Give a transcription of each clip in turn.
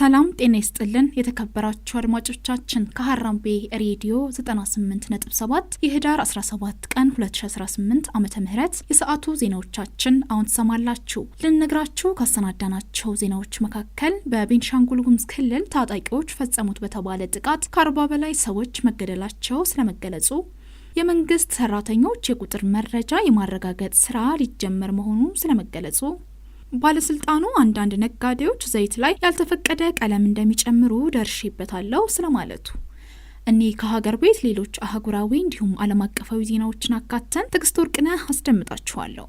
ሰላም ጤና ይስጥልን የተከበራችሁ አድማጮቻችን ከሀራምቤ ሬዲዮ 98.7 የህዳር 17 ቀን 2018 ዓ ም የሰዓቱ ዜናዎቻችን አሁን ትሰማላችሁ። ልንነግራችሁ ካሰናዳናቸው ዜናዎች መካከል በቤንሻንጉል ጉሙዝ ክልል ታጣቂዎች ፈጸሙት በተባለ ጥቃት ከአርባ በላይ ሰዎች መገደላቸው ስለመገለጹ የመንግስት ሰራተኞች የቁጥር መረጃ የማረጋገጥ ስራ ሊጀመር መሆኑ ስለመገለጹ ባለስልጣኑ አንዳንድ ነጋዴዎች ዘይት ላይ ያልተፈቀደ ቀለም እንደሚጨምሩ ደርሼበታለሁ ስለማለቱ እኔ ከሀገር ቤት ሌሎች አህጉራዊ እንዲሁም ዓለም አቀፋዊ ዜናዎችን አካተን ትዕግስት ወርቅነህ አስደምጣችኋለሁ።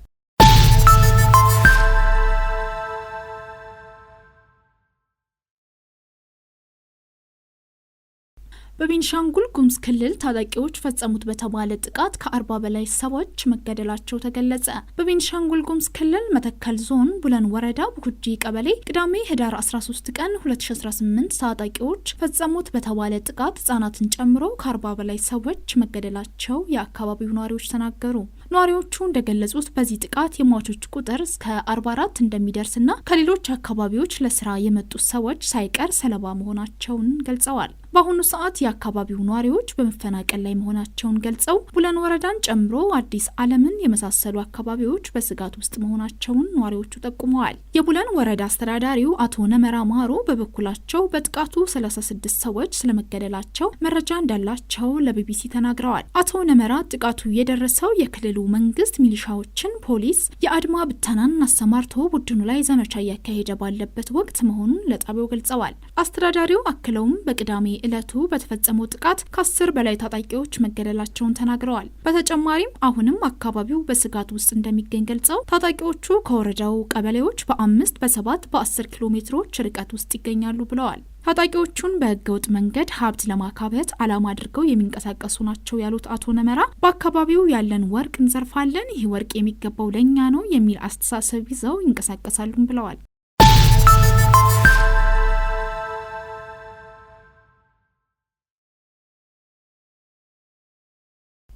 በቤንሻንጉል ጉምዝ ክልል ታጣቂዎች ፈጸሙት በተባለ ጥቃት ከአርባ በላይ ሰዎች መገደላቸው ተገለጸ። በቤንሻንጉል ጉምዝ ክልል መተከል ዞን ቡለን ወረዳ ቡኩጂ ቀበሌ ቅዳሜ ህዳር 13 ቀን 2018 ታጣቂዎች ፈጸሙት በተባለ ጥቃት ህጻናትን ጨምሮ ከአርባ በላይ ሰዎች መገደላቸው የአካባቢው ነዋሪዎች ተናገሩ። ነዋሪዎቹ እንደገለጹት በዚህ ጥቃት የሟቾች ቁጥር እስከ 44 እንደሚደርስና ከሌሎች አካባቢዎች ለስራ የመጡት ሰዎች ሳይቀር ሰለባ መሆናቸውን ገልጸዋል። በአሁኑ ሰዓት የአካባቢው ነዋሪዎች በመፈናቀል ላይ መሆናቸውን ገልጸው ቡለን ወረዳን ጨምሮ አዲስ ዓለምን የመሳሰሉ አካባቢዎች በስጋት ውስጥ መሆናቸውን ነዋሪዎቹ ጠቁመዋል። የቡለን ወረዳ አስተዳዳሪው አቶ ነመራ ማሮ በበኩላቸው በጥቃቱ 36 ሰዎች ስለመገደላቸው መረጃ እንዳላቸው ለቢቢሲ ተናግረዋል። አቶ ነመራ ጥቃቱ የደረሰው የክልሉ መንግስት ሚሊሻዎችን፣ ፖሊስ፣ የአድማ ብተናን አሰማርቶ ቡድኑ ላይ ዘመቻ እያካሄደ ባለበት ወቅት መሆኑን ለጣቢያው ገልጸዋል። አስተዳዳሪው አክለውም በቅዳሜ ዕለቱ በተፈጸመው ጥቃት ከአስር በላይ ታጣቂዎች መገደላቸውን ተናግረዋል። በተጨማሪም አሁንም አካባቢው በስጋት ውስጥ እንደሚገኝ ገልጸው ታጣቂዎቹ ከወረዳው ቀበሌዎች በአምስት በሰባት በአስር ኪሎ ሜትሮች ርቀት ውስጥ ይገኛሉ ብለዋል። ታጣቂዎቹን በህገወጥ መንገድ ሀብት ለማካበት አላማ አድርገው የሚንቀሳቀሱ ናቸው ያሉት አቶ ነመራ በአካባቢው ያለን ወርቅ እንዘርፋለን፣ ይህ ወርቅ የሚገባው ለእኛ ነው የሚል አስተሳሰብ ይዘው ይንቀሳቀሳሉም ብለዋል።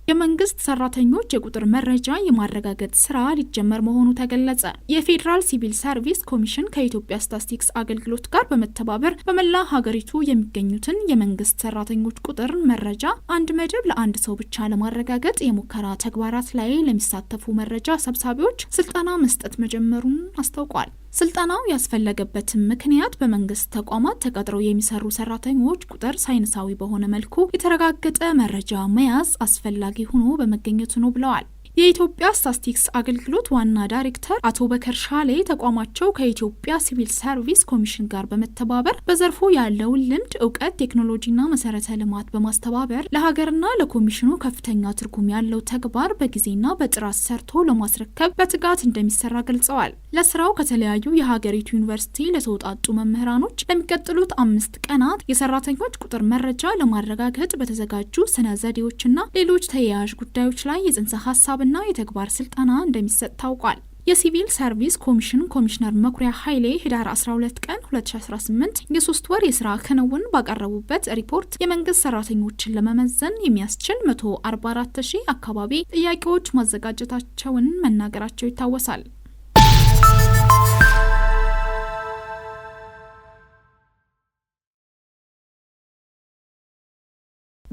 የመንግስት ሰራተኞች የቁጥር መረጃ የማረጋገጥ ስራ ሊጀመር መሆኑ ተገለጸ። የፌዴራል ሲቪል ሰርቪስ ኮሚሽን ከኢትዮጵያ ስታስቲክስ አገልግሎት ጋር በመተባበር በመላ ሀገሪቱ የሚገኙትን የመንግስት ሰራተኞች ቁጥር መረጃ አንድ መደብ ለአንድ ሰው ብቻ ለማረጋገጥ የሙከራ ተግባራት ላይ ለሚሳተፉ መረጃ ሰብሳቢዎች ስልጠና መስጠት መጀመሩን አስታውቋል። ስልጠናው ያስፈለገበትም ምክንያት በመንግስት ተቋማት ተቀጥረው የሚሰሩ ሰራተኞች ቁጥር ሳይንሳዊ በሆነ መልኩ የተረጋገጠ መረጃ መያዝ አስፈላጊ ሆኖ በመገኘቱ ነው ብለዋል። የኢትዮጵያ ስታስቲክስ አገልግሎት ዋና ዳይሬክተር አቶ በከር ሻሌ ተቋማቸው ከኢትዮጵያ ሲቪል ሰርቪስ ኮሚሽን ጋር በመተባበር በዘርፉ ያለውን ልምድ፣ እውቀት፣ ቴክኖሎጂና መሰረተ ልማት በማስተባበር ለሀገርና ለኮሚሽኑ ከፍተኛ ትርጉም ያለው ተግባር በጊዜና በጥራት ሰርቶ ለማስረከብ በትጋት እንደሚሰራ ገልጸዋል። ለስራው ከተለያዩ የሀገሪቱ ዩኒቨርሲቲ ለተውጣጡ መምህራኖች ለሚቀጥሉት አምስት ቀናት የሰራተኞች ቁጥር መረጃ ለማረጋገጥ በተዘጋጁ ስነ ዘዴዎችና ሌሎች ተያያዥ ጉዳዮች ላይ የጽንሰ ሀሳብ እና የተግባር ስልጠና እንደሚሰጥ ታውቋል። የሲቪል ሰርቪስ ኮሚሽን ኮሚሽነር መኩሪያ ኃይሌ ህዳር 12 ቀን 2018 የሶስት ወር የስራ ክንውን ባቀረቡበት ሪፖርት የመንግስት ሰራተኞችን ለመመዘን የሚያስችል 144 ሺህ አካባቢ ጥያቄዎች ማዘጋጀታቸውን መናገራቸው ይታወሳል።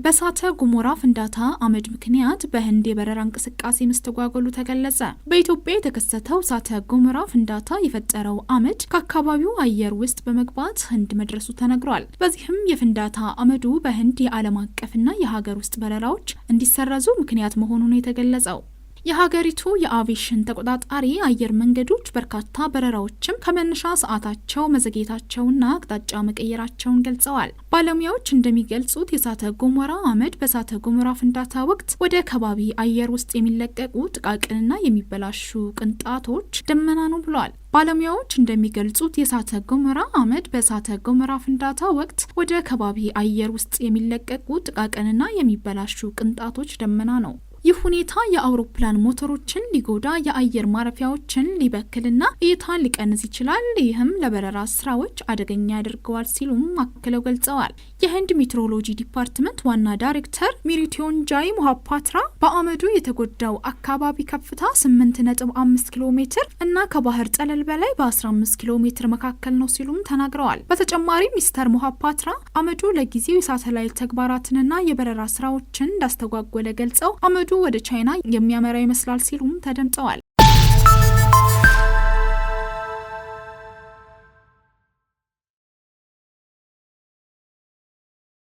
በእሳተ ጉሞራ ፍንዳታ አመድ ምክንያት በህንድ የበረራ እንቅስቃሴ መስተጓጎሉ ተገለጸ። በኢትዮጵያ የተከሰተው እሳተ ጉሞራ ፍንዳታ የፈጠረው አመድ ከአካባቢው አየር ውስጥ በመግባት ህንድ መድረሱ ተነግሯል። በዚህም የፍንዳታ አመዱ በህንድ የዓለም አቀፍና የሀገር ውስጥ በረራዎች እንዲሰረዙ ምክንያት መሆኑ ነው የተገለጸው የሀገሪቱ የአቪሽን ተቆጣጣሪ አየር መንገዶች በርካታ በረራዎችም ከመነሻ ሰዓታቸው መዘግየታቸውና አቅጣጫ መቀየራቸውን ገልጸዋል። ባለሙያዎች እንደሚገልጹት የእሳተ ገሞራ አመድ በእሳተ ገሞራ ፍንዳታ ወቅት ወደ ከባቢ አየር ውስጥ የሚለቀቁ ጥቃቅንና የሚበላሹ ቅንጣቶች ደመና ነው ብሏል። ባለሙያዎች እንደሚገልጹት የእሳተ ገሞራ አመድ በእሳተ ገሞራ ፍንዳታ ወቅት ወደ ከባቢ አየር ውስጥ የሚለቀቁ ጥቃቅንና የሚበላሹ ቅንጣቶች ደመና ነው። ይህ ሁኔታ የአውሮፕላን ሞተሮችን ሊጎዳ፣ የአየር ማረፊያዎችን ሊበክልና እይታ ሊቀንስ ይችላል። ይህም ለበረራ ስራዎች አደገኛ ያደርገዋል ሲሉም አክለው ገልጸዋል። የህንድ ሜትሮሎጂ ዲፓርትመንት ዋና ዳይሬክተር ሚሪትዮንጃይ ሞሃፓትራ በአመዱ የተጎዳው አካባቢ ከፍታ 8.5 ኪሎ ሜትር እና ከባህር ጠለል በላይ በ15 ኪሎ ሜትር መካከል ነው ሲሉም ተናግረዋል። በተጨማሪም ሚስተር ሞሃፓትራ አመዱ ለጊዜው የሳተላይት ተግባራትንና የበረራ ስራዎችን እንዳስተጓጎለ ገልጸው አመዱ ንግዱ ወደ ቻይና የሚያመራ ይመስላል ሲሉም ተደምጠዋል።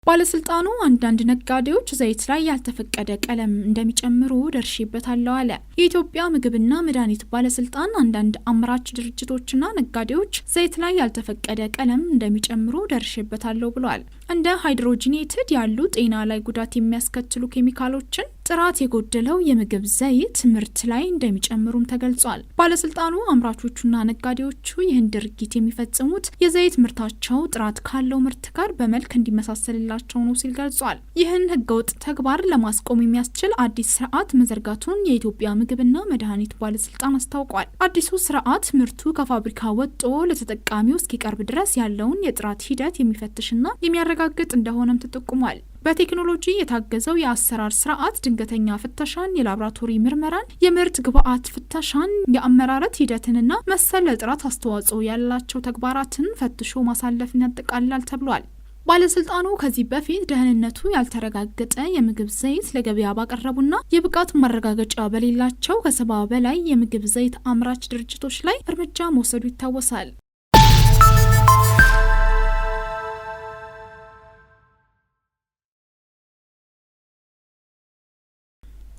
ባለስልጣኑ አንዳንድ ነጋዴዎች ዘይት ላይ ያልተፈቀደ ቀለም እንደሚጨምሩ ደርሼበታለሁ አለ። የኢትዮጵያ ምግብና መድኃኒት ባለስልጣን አንዳንድ አምራች ድርጅቶችና ነጋዴዎች ዘይት ላይ ያልተፈቀደ ቀለም እንደሚጨምሩ ደርሼበታለሁ ብሏል። እንደ ሃይድሮጂኔትድ ያሉ ጤና ላይ ጉዳት የሚያስከትሉ ኬሚካሎችን ጥራት የጎደለው የምግብ ዘይት ምርት ላይ እንደሚጨምሩም ተገልጿል። ባለስልጣኑ አምራቾቹና ነጋዴዎቹ ይህን ድርጊት የሚፈጽሙት የዘይት ምርታቸው ጥራት ካለው ምርት ጋር በመልክ እንዲመሳሰልላቸው ነው ሲል ገልጿል። ይህን ህገወጥ ተግባር ለማስቆም የሚያስችል አዲስ ስርዓት መዘርጋቱን የኢትዮጵያ ምግብና መድኃኒት ባለስልጣን አስታውቋል። አዲሱ ስርዓት ምርቱ ከፋብሪካ ወጦ ለተጠቃሚው እስኪቀርብ ድረስ ያለውን የጥራት ሂደት የሚፈትሽና የሚያረጋግጥ እንደሆነም ተጠቁሟል። በቴክኖሎጂ የታገዘው የአሰራር ስርዓት ድንገተኛ ፍተሻን፣ የላብራቶሪ ምርመራን፣ የምርት ግብአት ፍተሻን፣ የአመራረት ሂደትንና መሰል ለጥራት አስተዋጽኦ ያላቸው ተግባራትን ፈትሾ ማሳለፍን ያጠቃልላል ተብሏል። ባለስልጣኑ ከዚህ በፊት ደህንነቱ ያልተረጋገጠ የምግብ ዘይት ለገበያ ባቀረቡና የብቃት ማረጋገጫ በሌላቸው ከሰባ በላይ የምግብ ዘይት አምራች ድርጅቶች ላይ እርምጃ መውሰዱ ይታወሳል።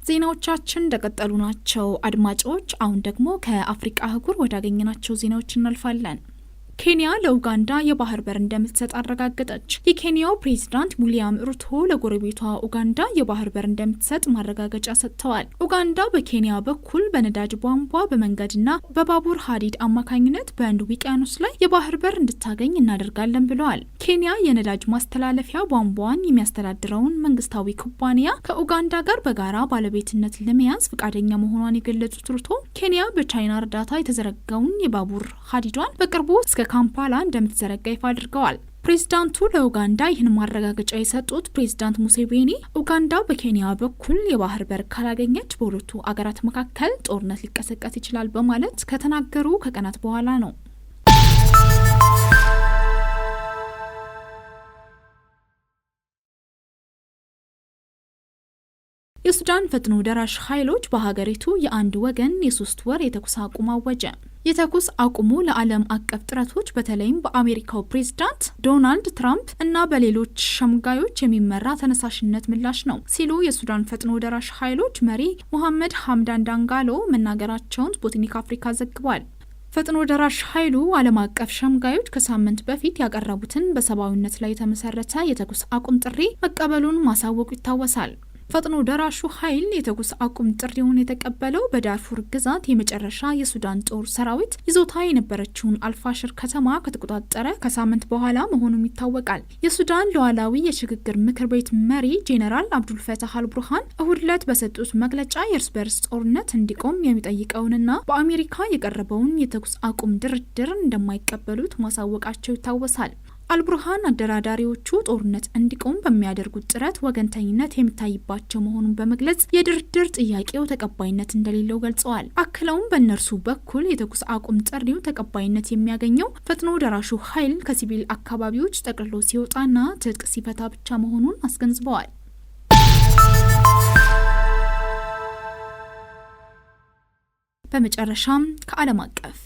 ዜናዎቻችን እንደቀጠሉ ናቸው አድማጮች። አሁን ደግሞ ከአፍሪቃ አህጉር ወዳገኘናቸው ዜናዎች እናልፋለን። ኬንያ ለኡጋንዳ የባህር በር እንደምትሰጥ አረጋገጠች። የኬንያው ፕሬዚዳንት ዊሊያም ሩቶ ለጎረቤቷ ኡጋንዳ የባህር በር እንደምትሰጥ ማረጋገጫ ሰጥተዋል። ኡጋንዳ በኬንያ በኩል በነዳጅ ቧንቧ በመንገድና በባቡር ሀዲድ አማካኝነት በህንድ ውቅያኖስ ላይ የባህር በር እንድታገኝ እናደርጋለን ብለዋል። ኬንያ የነዳጅ ማስተላለፊያ ቧንቧዋን የሚያስተዳድረውን መንግስታዊ ኩባንያ ከኡጋንዳ ጋር በጋራ ባለቤትነት ለመያዝ ፈቃደኛ መሆኗን የገለጹት ሩቶ ኬንያ በቻይና እርዳታ የተዘረጋውን የባቡር ሀዲዷን በቅርቡ እስከ ካምፓላ እንደምትዘረጋ ይፋ አድርገዋል። ፕሬዚዳንቱ ለኡጋንዳ ይህን ማረጋገጫ የሰጡት ፕሬዚዳንት ሙሴቬኒ ኡጋንዳ በኬንያ በኩል የባህር በር ካላገኘች በሁለቱ አገራት መካከል ጦርነት ሊቀሰቀስ ይችላል በማለት ከተናገሩ ከቀናት በኋላ ነው። የሱዳን ፈጥኖ ደራሽ ኃይሎች በሀገሪቱ የአንድ ወገን የሶስት ወር የተኩስ አቁም አወጀ። የተኩስ አቁሙ ለዓለም አቀፍ ጥረቶች በተለይም በአሜሪካው ፕሬዝዳንት ዶናልድ ትራምፕ እና በሌሎች ሸምጋዮች የሚመራ ተነሳሽነት ምላሽ ነው ሲሉ የሱዳን ፈጥኖ ደራሽ ኃይሎች መሪ ሙሐመድ ሀምዳን ዳንጋሎ መናገራቸውን ስፑትኒክ አፍሪካ ዘግቧል። ፈጥኖ ደራሽ ኃይሉ ዓለም አቀፍ ሸምጋዮች ከሳምንት በፊት ያቀረቡትን በሰብአዊነት ላይ የተመሰረተ የተኩስ አቁም ጥሪ መቀበሉን ማሳወቁ ይታወሳል። ፈጥኖ ደራሹ ኃይል የተኩስ አቁም ጥሪውን የተቀበለው በዳርፉር ግዛት የመጨረሻ የሱዳን ጦር ሰራዊት ይዞታ የነበረችውን አልፋሽር ከተማ ከተቆጣጠረ ከሳምንት በኋላ መሆኑም ይታወቃል። የሱዳን ሉዓላዊ የሽግግር ምክር ቤት መሪ ጄኔራል አብዱልፈታህ አልቡርሃን እሁድ ዕለት በሰጡት መግለጫ የእርስ በርስ ጦርነት እንዲቆም የሚጠይቀውንና በአሜሪካ የቀረበውን የተኩስ አቁም ድርድር እንደማይቀበሉት ማሳወቃቸው ይታወሳል። አልቡርሃን አደራዳሪዎቹ ጦርነት እንዲቆም በሚያደርጉት ጥረት ወገንተኝነት የሚታይባቸው መሆኑን በመግለጽ የድርድር ጥያቄው ተቀባይነት እንደሌለው ገልጸዋል። አክለውም በእነርሱ በኩል የተኩስ አቁም ጥሪው ተቀባይነት የሚያገኘው ፈጥኖ ደራሹ ኃይል ከሲቪል አካባቢዎች ጠቅልሎ ሲወጣና ትጥቅ ሲፈታ ብቻ መሆኑን አስገንዝበዋል። በመጨረሻም ከዓለም አቀፍ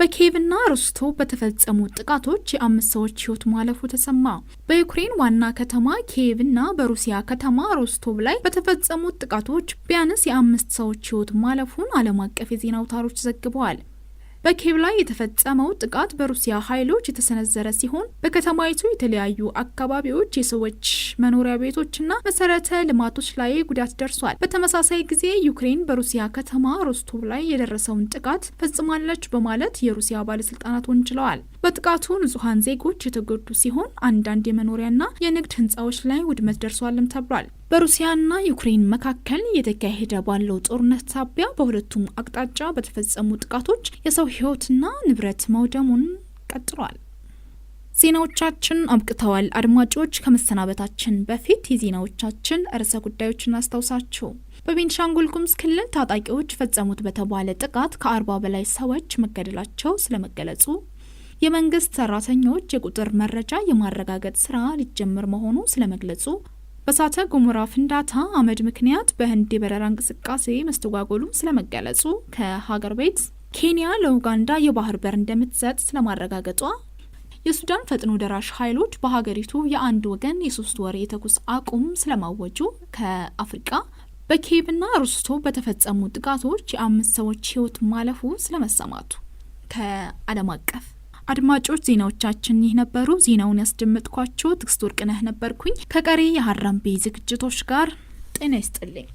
በኪየቭና ሮስቶቭ በተፈጸሙ ጥቃቶች የአምስት ሰዎች ህይወት ማለፉ ተሰማ። በዩክሬን ዋና ከተማ ኪየቭና በሩሲያ ከተማ ሮስቶቭ ላይ በተፈጸሙት ጥቃቶች ቢያንስ የአምስት ሰዎች ሕይወት ማለፉን ዓለም አቀፍ የዜና አውታሮች ዘግበዋል። በኬብ ላይ የተፈጸመው ጥቃት በሩሲያ ኃይሎች የተሰነዘረ ሲሆን በከተማይቱ የተለያዩ አካባቢዎች የሰዎች መኖሪያ ቤቶችና መሰረተ ልማቶች ላይ ጉዳት ደርሷል። በተመሳሳይ ጊዜ ዩክሬን በሩሲያ ከተማ ሮስቶቭ ላይ የደረሰውን ጥቃት ፈጽማለች በማለት የሩሲያ ባለስልጣናት ወንጅለዋል። በጥቃቱ ንጹሐን ዜጎች የተጎዱ ሲሆን አንዳንድ የመኖሪያና የንግድ ህንፃዎች ላይ ውድመት ደርሷልም ተብሏል። በሩሲያና ዩክሬን መካከል እየተካሄደ ባለው ጦርነት ሳቢያ በሁለቱም አቅጣጫ በተፈጸሙ ጥቃቶች የሰው ህይወትና ንብረት መውደሙን ቀጥሏል። ዜናዎቻችን አብቅተዋል። አድማጮች ከመሰናበታችን በፊት የዜናዎቻችን ርዕሰ ጉዳዮችን አስታውሳችሁ በቤንሻንጉል ጉምዝ ክልል ታጣቂዎች ፈጸሙት በተባለ ጥቃት ከአርባ በላይ ሰዎች መገደላቸው ስለመገለጹ የመንግስት ሰራተኞች የቁጥር መረጃ የማረጋገጥ ስራ ሊጀምር መሆኑ ስለመግለጹ በእሳተ ገሞራ ፍንዳታ አመድ ምክንያት በህንድ የበረራ እንቅስቃሴ መስተጓጎሉ ስለመገለጹ ከሀገር ቤት ኬንያ ለኡጋንዳ የባህር በር እንደምትሰጥ ስለማረጋገጧ የሱዳን ፈጥኖ ደራሽ ኃይሎች በሀገሪቱ የአንድ ወገን የሶስት ወር የተኩስ አቁም ስለማወጁ ከአፍሪቃ በኬብና ሩስቶ በተፈጸሙ ጥቃቶች የአምስት ሰዎች ህይወት ማለፉ ስለመሰማቱ ከዓለም አቀፍ አድማጮች ዜናዎቻችን ይህ ነበሩ። ዜናውን ያስደመጥኳቸው ትግስት ወርቅነህ ነበርኩኝ። ከቀሪ የሀራምቤ ዝግጅቶች ጋር ጤና ይስጥልኝ።